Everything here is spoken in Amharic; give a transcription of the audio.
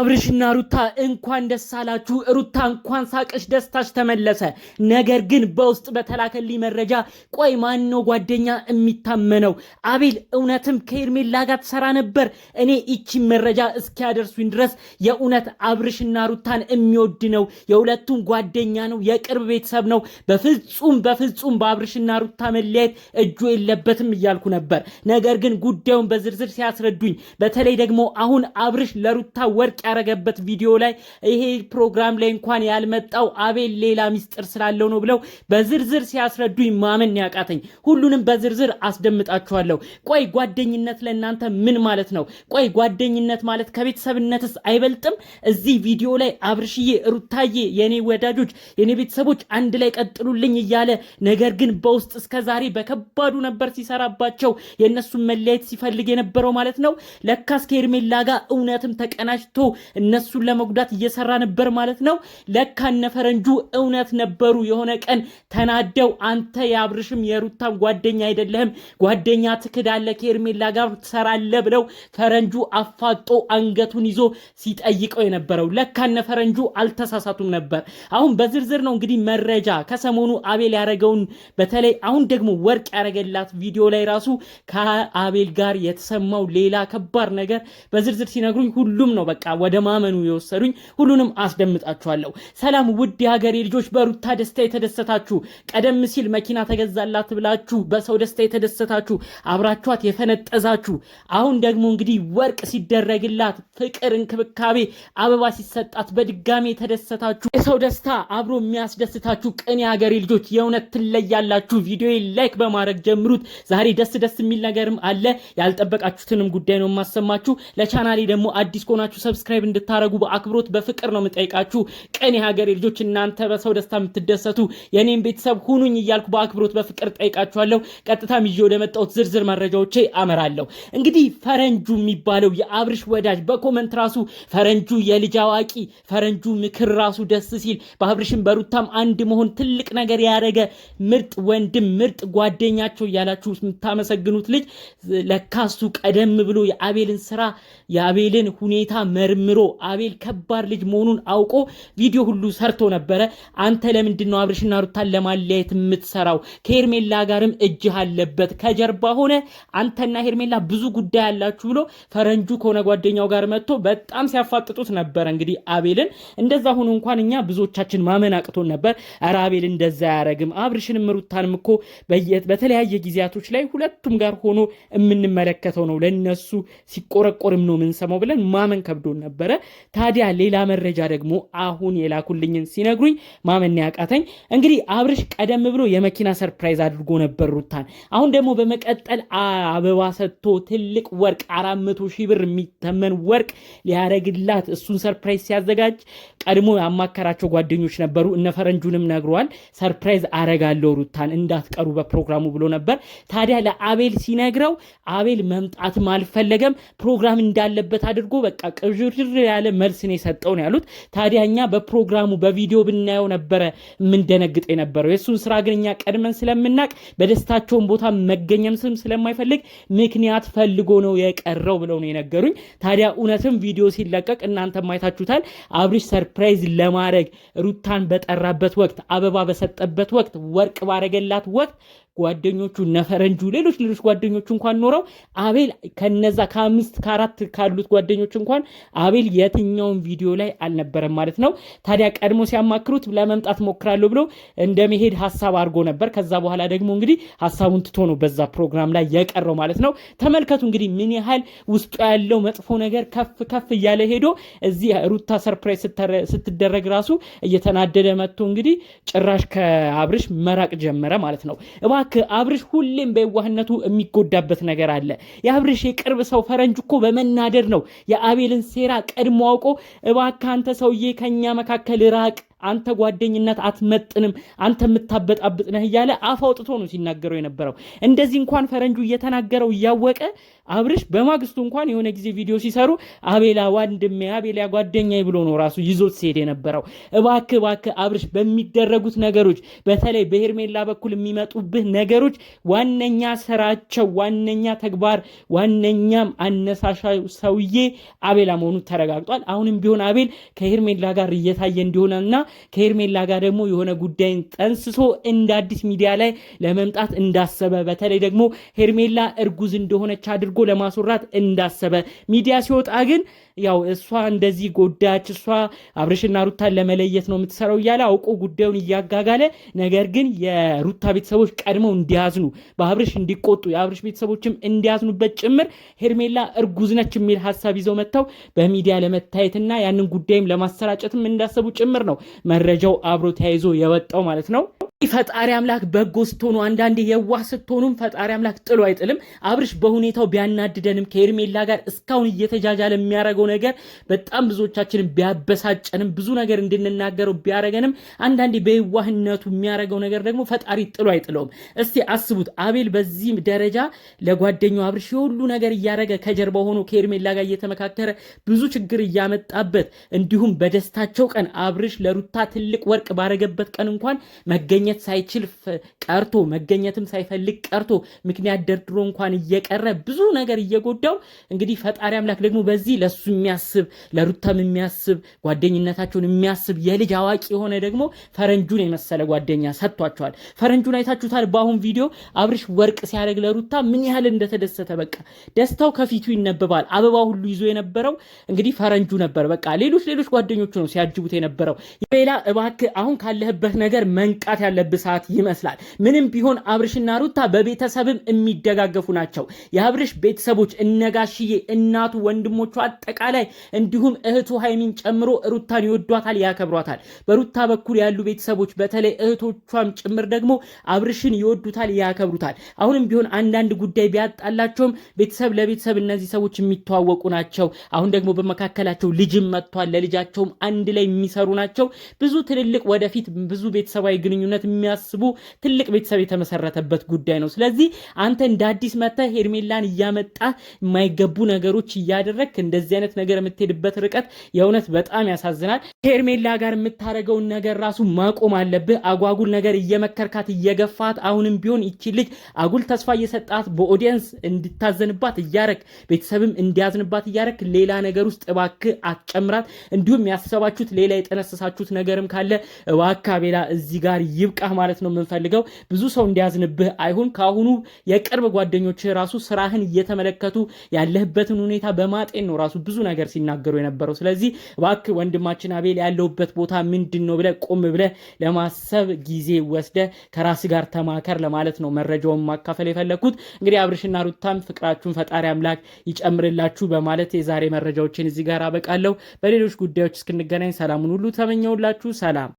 አብርሽና ሩታ እንኳን ደስ አላችሁ። ሩታ እንኳን ሳቅሽ ደስታሽ ተመለሰ። ነገር ግን በውስጥ በተላከልኝ መረጃ ቆይ ማን ነው ጓደኛ የሚታመነው? አቤል እውነትም ከኤርሜላ ጋር ትሰራ ነበር? እኔ ይቺ መረጃ እስኪያደርሱኝ ድረስ የእውነት አብርሽና ሩታን የሚወድ ነው፣ የሁለቱም ጓደኛ ነው፣ የቅርብ ቤተሰብ ነው። በፍጹም በፍጹም በአብርሽና ሩታ መለያየት እጁ የለበትም እያልኩ ነበር። ነገር ግን ጉዳዩን በዝርዝር ሲያስረዱኝ፣ በተለይ ደግሞ አሁን አብርሽ ለሩታ ወርቅ ያረገበት ቪዲዮ ላይ ይሄ ፕሮግራም ላይ እንኳን ያልመጣው አቤል ሌላ ሚስጥር ስላለው ነው ብለው በዝርዝር ሲያስረዱኝ ማመን ያቃተኝ። ሁሉንም በዝርዝር አስደምጣችኋለሁ። ቆይ ጓደኝነት ለእናንተ ምን ማለት ነው? ቆይ ጓደኝነት ማለት ከቤተሰብነትስ አይበልጥም? እዚህ ቪዲዮ ላይ አብርሽዬ፣ እሩታዬ የኔ ወዳጆች፣ የኔ ቤተሰቦች አንድ ላይ ቀጥሉልኝ እያለ ነገር ግን በውስጥ እስከዛሬ በከባዱ ነበር ሲሰራባቸው የእነሱን መለያየት ሲፈልግ የነበረው ማለት ነው። ለካስ ከኤርሜላ ጋር እውነትም ተቀናጅቶ እነሱን ለመጉዳት እየሰራ ነበር ማለት ነው። ለካነ ፈረንጁ እውነት ነበሩ። የሆነ ቀን ተናደው አንተ የአብርሽም የሩታም ጓደኛ አይደለህም፣ ጓደኛ ትክዳለ፣ ከኤርሜላ ጋር ትሰራለ ብለው ፈረንጁ አፋጦ አንገቱን ይዞ ሲጠይቀው የነበረው ለካነ ፈረንጁ አልተሳሳቱም ነበር። አሁን በዝርዝር ነው እንግዲህ መረጃ ከሰሞኑ አቤል ያደረገውን በተለይ አሁን ደግሞ ወርቅ ያደረገላት ቪዲዮ ላይ ራሱ ከአቤል ጋር የተሰማው ሌላ ከባድ ነገር በዝርዝር ሲነግሩኝ ሁሉም ነው በቃ ወደ ማመኑ የወሰዱኝ ሁሉንም አስደምጣችኋለሁ። ሰላም ውድ የሀገሬ ልጆች፣ በሩታ ደስታ የተደሰታችሁ ቀደም ሲል መኪና ተገዛላት ብላችሁ በሰው ደስታ የተደሰታችሁ አብራችኋት የፈነጠዛችሁ አሁን ደግሞ እንግዲህ ወርቅ ሲደረግላት ፍቅር፣ እንክብካቤ፣ አበባ ሲሰጣት በድጋሜ የተደሰታችሁ የሰው ደስታ አብሮ የሚያስደስታችሁ ቅን የሀገሬ ልጆች የእውነት ትለያላችሁ። ቪዲዮ ላይክ በማድረግ ጀምሩት። ዛሬ ደስ ደስ የሚል ነገርም አለ። ያልጠበቃችሁትንም ጉዳይ ነው የማሰማችሁ። ለቻናሌ ደግሞ አዲስ ከሆናችሁ ሰብስክራ ሰብስክራይብ እንድታደረጉ በአክብሮት በፍቅር ነው የምጠይቃችሁ። ቀን የሀገሬ ልጆች እናንተ በሰው ደስታ የምትደሰቱ የእኔም ቤተሰብ ሁኑኝ እያልኩ በአክብሮት በፍቅር ጠይቃችኋለሁ። ቀጥታም ይዤ ወደ መጣሁት ዝርዝር መረጃዎቼ አመራለሁ። እንግዲህ ፈረንጁ የሚባለው የአብርሽ ወዳጅ በኮመንት ራሱ ፈረንጁ የልጅ አዋቂ ፈረንጁ ምክር ራሱ ደስ ሲል በአብርሽም በሩታም አንድ መሆን ትልቅ ነገር ያደረገ ምርጥ ወንድም ምርጥ ጓደኛቸው እያላችሁ የምታመሰግኑት ልጅ ለካሱ ቀደም ብሎ የአቤልን ስራ የአቤልን ሁኔታ መርም ጀምሮ አቤል ከባድ ልጅ መሆኑን አውቆ ቪዲዮ ሁሉ ሰርቶ ነበረ። አንተ ለምንድን ነው አብርሽና ሩታን ለማለያየት የምትሰራው? ከሄርሜላ ጋርም እጅህ አለበት። ከጀርባ ሆነ አንተና ሄርሜላ ብዙ ጉዳይ አላችሁ ብሎ ፈረንጁ ከሆነ ጓደኛው ጋር መጥቶ በጣም ሲያፋጥጡት ነበረ። እንግዲህ አቤልን እንደዛ ሆኖ እንኳን እኛ ብዙዎቻችን ማመን አቅቶን ነበር። ኧረ አቤል እንደዛ አያረግም። አብርሽንም ሩታንም እኮ በተለያየ ጊዜያቶች ላይ ሁለቱም ጋር ሆኖ የምንመለከተው ነው። ለነሱ ሲቆረቆርም ነው የምንሰማው ብለን ማመን ከብዶን ነበር። ነበረ። ታዲያ ሌላ መረጃ ደግሞ አሁን የላኩልኝን ሲነግሩኝ ማመን ያቃተኝ እንግዲህ አብርሽ ቀደም ብሎ የመኪና ሰርፕራይዝ አድርጎ ነበር ሩታን። አሁን ደግሞ በመቀጠል አበባ ሰጥቶ ትልቅ ወርቅ አራት መቶ ሺህ ብር የሚተመን ወርቅ ሊያደርግላት እሱን ሰርፕራይዝ ሲያዘጋጅ ቀድሞ ያማከራቸው ጓደኞች ነበሩ። እነ ፈረንጁንም ነግሯል። ሰርፕራይዝ አረጋለው ሩታን እንዳትቀሩ በፕሮግራሙ ብሎ ነበር። ታዲያ ለአቤል ሲነግረው አቤል መምጣትም አልፈለገም። ፕሮግራም እንዳለበት አድርጎ በቃ ቅዥርር ያለ መልስ ነው የሰጠው ነው ያሉት። ታዲያ እኛ በፕሮግራሙ በቪዲዮ ብናየው ነበረ የምንደነግጥ የነበረው የእሱን ስራ ግን እኛ ቀድመን ስለምናቅ በደስታቸውን ቦታ መገኘም ስም ስለማይፈልግ ምክንያት ፈልጎ ነው የቀረው ብለው ነው የነገሩኝ። ታዲያ እውነትም ቪዲዮ ሲለቀቅ እናንተ ማየታችሁታል አብሪሽ ሰርፕ ሰርፕራይዝ ለማድረግ ሩታን በጠራበት ወቅት አበባ በሰጠበት ወቅት ወርቅ ባረገላት ወቅት ጓደኞቹ ነፈረንጁ ሌሎች ሌሎች ጓደኞቹ እንኳን ኖረው አቤል ከነዛ ከአምስት ከአራት ካሉት ጓደኞች እንኳን አቤል የትኛውን ቪዲዮ ላይ አልነበረም ማለት ነው። ታዲያ ቀድሞ ሲያማክሩት ለመምጣት ሞክራለሁ ብሎ እንደመሄድ ሀሳብ አድርጎ ነበር። ከዛ በኋላ ደግሞ እንግዲህ ሀሳቡን ትቶ ነው በዛ ፕሮግራም ላይ የቀረው ማለት ነው። ተመልከቱ እንግዲህ ምን ያህል ውስጡ ያለው መጥፎ ነገር ከፍ ከፍ እያለ ሄዶ እዚህ ሩታ ሰርፕራይዝ ስትደረግ ራሱ እየተናደደ መጥቶ እንግዲህ ጭራሽ ከአብርሽ መራቅ ጀመረ ማለት ነው። አብርሽ ሁሌም በየዋህነቱ የሚጎዳበት ነገር አለ። የአብርሽ የቅርብ ሰው ፈረንጅ እኮ በመናደር ነው የአቤልን ሴራ ቀድሞ አውቆ እባክህ አንተ ሰውዬ ከኛ መካከል ራቅ አንተ ጓደኝነት አትመጥንም፣ አንተ የምታበጣብጥ ነህ እያለ አፍ አውጥቶ ነው ሲናገረው የነበረው። እንደዚህ እንኳን ፈረንጁ እየተናገረው እያወቀ አብርሽ በማግስቱ እንኳን የሆነ ጊዜ ቪዲዮ ሲሰሩ አቤላ ወንድሜ፣ አቤላ ጓደኛ ብሎ ነው ራሱ ይዞት ሲሄድ የነበረው። እባክህ እባክህ አብርሽ በሚደረጉት ነገሮች፣ በተለይ በሄርሜላ በኩል የሚመጡብህ ነገሮች ዋነኛ ስራቸው፣ ዋነኛ ተግባር፣ ዋነኛም አነሳሻ ሰውዬ አቤላ መሆኑ ተረጋግጧል። አሁንም ቢሆን አቤል ከሄርሜላ ጋር እየታየ እንዲሆነና ከሄርሜላ ጋር ደግሞ የሆነ ጉዳይን ጠንስሶ እንደ አዲስ ሚዲያ ላይ ለመምጣት እንዳሰበ በተለይ ደግሞ ሄርሜላ እርጉዝ እንደሆነች አድርጎ ለማስወራት እንዳሰበ ሚዲያ ሲወጣ ግን ያው እሷ እንደዚህ ጎዳች፣ እሷ አብርሽና ሩታን ለመለየት ነው የምትሰራው እያለ አውቆ ጉዳዩን እያጋጋለ ነገር ግን የሩታ ቤተሰቦች ቀድመው እንዲያዝኑ በአብርሽ እንዲቆጡ የአብርሽ ቤተሰቦችም እንዲያዝኑበት ጭምር ሄርሜላ እርጉዝ ነች የሚል ሀሳብ ይዘው መጥተው በሚዲያ ለመታየትና ያንን ጉዳይም ለማሰራጨትም እንዳሰቡ ጭምር ነው መረጃው አብሮ ተያይዞ የወጣው ማለት ነው። ፈጣሪ አምላክ በጎ ስትሆኑ አንዳንዴ የዋህ ስትሆኑም ፈጣሪ አምላክ ጥሎ አይጥልም። አብርሽ በሁኔታው ቢያናድደንም ከኤርሜላ ጋር እስካሁን እየተጃጃለ የሚያደርገው ነገር በጣም ብዙዎቻችንም ቢያበሳጨንም ብዙ ነገር እንድንናገረው ቢያደርገንም አንዳንዴ በየዋህነቱ የሚያደርገው ነገር ደግሞ ፈጣሪ ጥሎ አይጥለውም። እስቲ አስቡት አቤል በዚህ ደረጃ ለጓደኛው አብርሽ የሁሉ ነገር እያደረገ ከጀርባ ሆኖ ከኤርሜላ ጋር እየተመካከረ ብዙ ችግር እያመጣበት እንዲሁም በደስታቸው ቀን አብርሽ ለሩታ ትልቅ ወርቅ ባረገበት ቀን እንኳን መገኘት መገኘት ሳይችል ቀርቶ መገኘትም ሳይፈልግ ቀርቶ ምክንያት ደርድሮ እንኳን እየቀረ ብዙ ነገር እየጎዳው እንግዲህ ፈጣሪ አምላክ ደግሞ በዚህ ለሱ የሚያስብ ለሩታም የሚያስብ ጓደኝነታቸውን የሚያስብ የልጅ አዋቂ የሆነ ደግሞ ፈረንጁን የመሰለ ጓደኛ ሰጥቷቸዋል። ፈረንጁን አይታችሁታል። በአሁን ቪዲዮ አብርሽ ወርቅ ሲያደርግ ለሩታ ምን ያህል እንደተደሰተ በቃ ደስታው ከፊቱ ይነበባል። አበባ ሁሉ ይዞ የነበረው እንግዲህ ፈረንጁ ነበር። በቃ ሌሎች ሌሎች ጓደኞቹ ነው ሲያጅቡት የነበረው። ሌላ እባክህ አሁን ካለህበት ነገር መንቃት ያለ የሚያለብሳት ይመስላል። ምንም ቢሆን አብርሽና ሩታ በቤተሰብም የሚደጋገፉ ናቸው። የአብርሽ ቤተሰቦች እነጋሽዬ፣ እናቱ፣ ወንድሞቹ አጠቃላይ እንዲሁም እህቱ ሀይሚን ጨምሮ ሩታን ይወዷታል፣ ያከብሯታል። በሩታ በኩል ያሉ ቤተሰቦች በተለይ እህቶቿም ጭምር ደግሞ አብርሽን ይወዱታል፣ ያከብሩታል። አሁንም ቢሆን አንዳንድ ጉዳይ ቢያጣላቸውም ቤተሰብ ለቤተሰብ እነዚህ ሰዎች የሚተዋወቁ ናቸው። አሁን ደግሞ በመካከላቸው ልጅም መጥቷል። ለልጃቸውም አንድ ላይ የሚሰሩ ናቸው። ብዙ ትልልቅ ወደፊት ብዙ ቤተሰባዊ ግንኙነት የሚያስቡ ትልቅ ቤተሰብ የተመሰረተበት ጉዳይ ነው። ስለዚህ አንተ እንደ አዲስ መጥተህ ሄርሜላን እያመጣ የማይገቡ ነገሮች እያደረግክ እንደዚህ አይነት ነገር የምትሄድበት ርቀት የእውነት በጣም ያሳዝናል። ከሄርሜላ ጋር የምታደርገውን ነገር ራሱ ማቆም አለብህ። አጓጉል ነገር እየመከርካት እየገፋት፣ አሁንም ቢሆን ይቺ ልጅ አጉል ተስፋ እየሰጣት በኦዲየንስ እንድታዘንባት እያረግ ቤተሰብም እንዲያዝንባት እያረግ ሌላ ነገር ውስጥ እባክህ አትጨምራት። እንዲሁም ያሰባችሁት ሌላ የጠነሰሳችሁት ነገርም ካለ እባክህ እዚህ ጋር ይብ ያብቃህ ማለት ነው የምንፈልገው። ብዙ ሰው እንዲያዝንብህ አይሁን። ከአሁኑ የቅርብ ጓደኞች ራሱ ስራህን እየተመለከቱ ያለህበትን ሁኔታ በማጤን ነው ራሱ ብዙ ነገር ሲናገሩ የነበረው። ስለዚህ ባክ ወንድማችን አቤል ያለውበት ቦታ ምንድን ነው ብለህ ቁም ብለህ ለማሰብ ጊዜ ወስደ ከራስ ጋር ተማከር ለማለት ነው መረጃውን ማካፈል የፈለግኩት። እንግዲህ አብርሽና ሩታም ፍቅራችሁን ፈጣሪ አምላክ ይጨምርላችሁ በማለት የዛሬ መረጃዎችን እዚህ ጋር አበቃለሁ። በሌሎች ጉዳዮች እስክንገናኝ ሰላሙን ሁሉ ተመኘውላችሁ። ሰላም